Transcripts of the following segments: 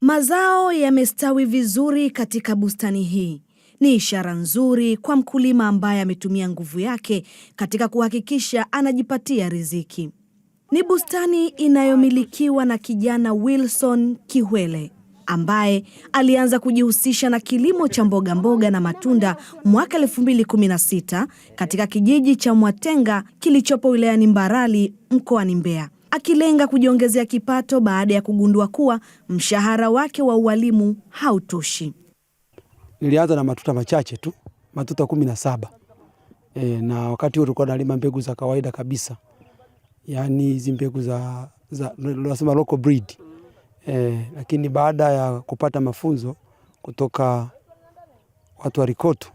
Mazao yamestawi vizuri katika bustani hii. Ni ishara nzuri kwa mkulima ambaye ametumia nguvu yake katika kuhakikisha anajipatia riziki. Ni bustani inayomilikiwa na kijana Wilson kihwele ambaye alianza kujihusisha na kilimo cha mboga mboga na matunda mwaka 2016 katika kijiji cha Mwatenga kilichopo wilayani Mbarali mkoani Mbeya akilenga kujiongezea kipato baada ya kugundua kuwa mshahara wake wa ualimu hautoshi. Nilianza na matuta machache tu, matuta kumi na saba e, na wakati huo tulikuwa nalima mbegu za kawaida kabisa, yaani hizi mbegu za nasema local breed e, lakini baada ya kupata mafunzo kutoka watu wa Rikoto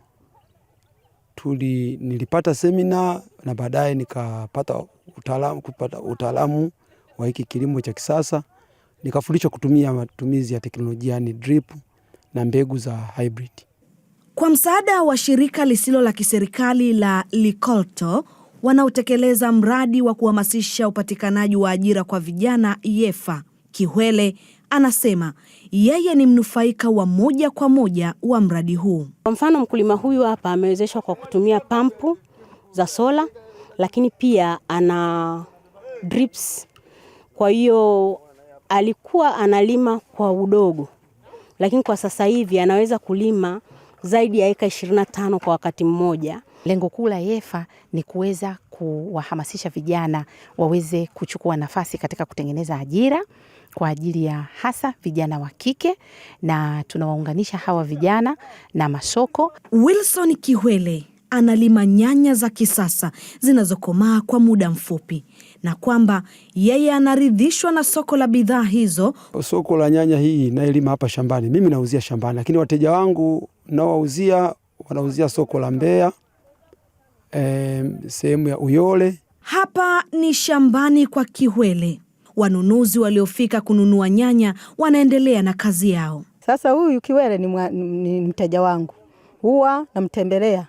tuli nilipata semina na baadaye nikapata utaalamu, kupata utaalamu wa hiki kilimo cha kisasa. Nikafundishwa kutumia matumizi ya teknolojia ni drip na mbegu za hybrid. Kwa msaada wa shirika lisilo la kiserikali la Likolto wanaotekeleza mradi wa kuhamasisha upatikanaji wa ajira kwa vijana YEFA, Kihwele anasema yeye ni mnufaika wa moja kwa moja wa mradi huu. Kwa mfano, mkulima huyu hapa amewezeshwa kwa kutumia pampu za sola lakini pia ana drips, kwa hiyo alikuwa analima kwa udogo, lakini kwa sasa hivi anaweza kulima zaidi ya eka 25 kwa wakati mmoja. Lengo kuu la YEFFA ni kuweza kuwahamasisha vijana waweze kuchukua nafasi katika kutengeneza ajira kwa ajili ya hasa vijana wa kike, na tunawaunganisha hawa vijana na masoko. Wilson kihwele analima nyanya za kisasa zinazokomaa kwa muda mfupi na kwamba yeye anaridhishwa na soko la bidhaa hizo. Soko la nyanya hii nailima hapa shambani, mimi nauzia shambani, lakini wateja wangu nawauzia, wanauzia soko la Mbeya, e, sehemu ya Uyole. Hapa ni shambani kwa Kiwele. Wanunuzi waliofika kununua nyanya wanaendelea na kazi yao. Sasa huyu Kiwele ni, ni mteja wangu, huwa namtembelea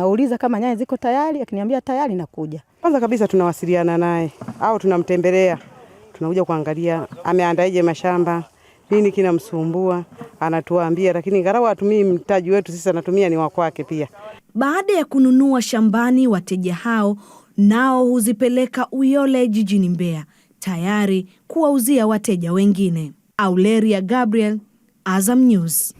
nauliza kama nyanya ziko tayari, akiniambia tayari nakuja. Kwanza kabisa tunawasiliana naye au tunamtembelea, tunakuja kuangalia ameandaaje mashamba, nini kinamsumbua, anatuambia. Lakini ngarawa atumii mtaji wetu sisi, anatumia ni wa kwake pia. Baada ya kununua shambani, wateja hao nao huzipeleka Uyole jijini Mbeya tayari kuwauzia wateja wengine. Auleria Gabriel, Azam News.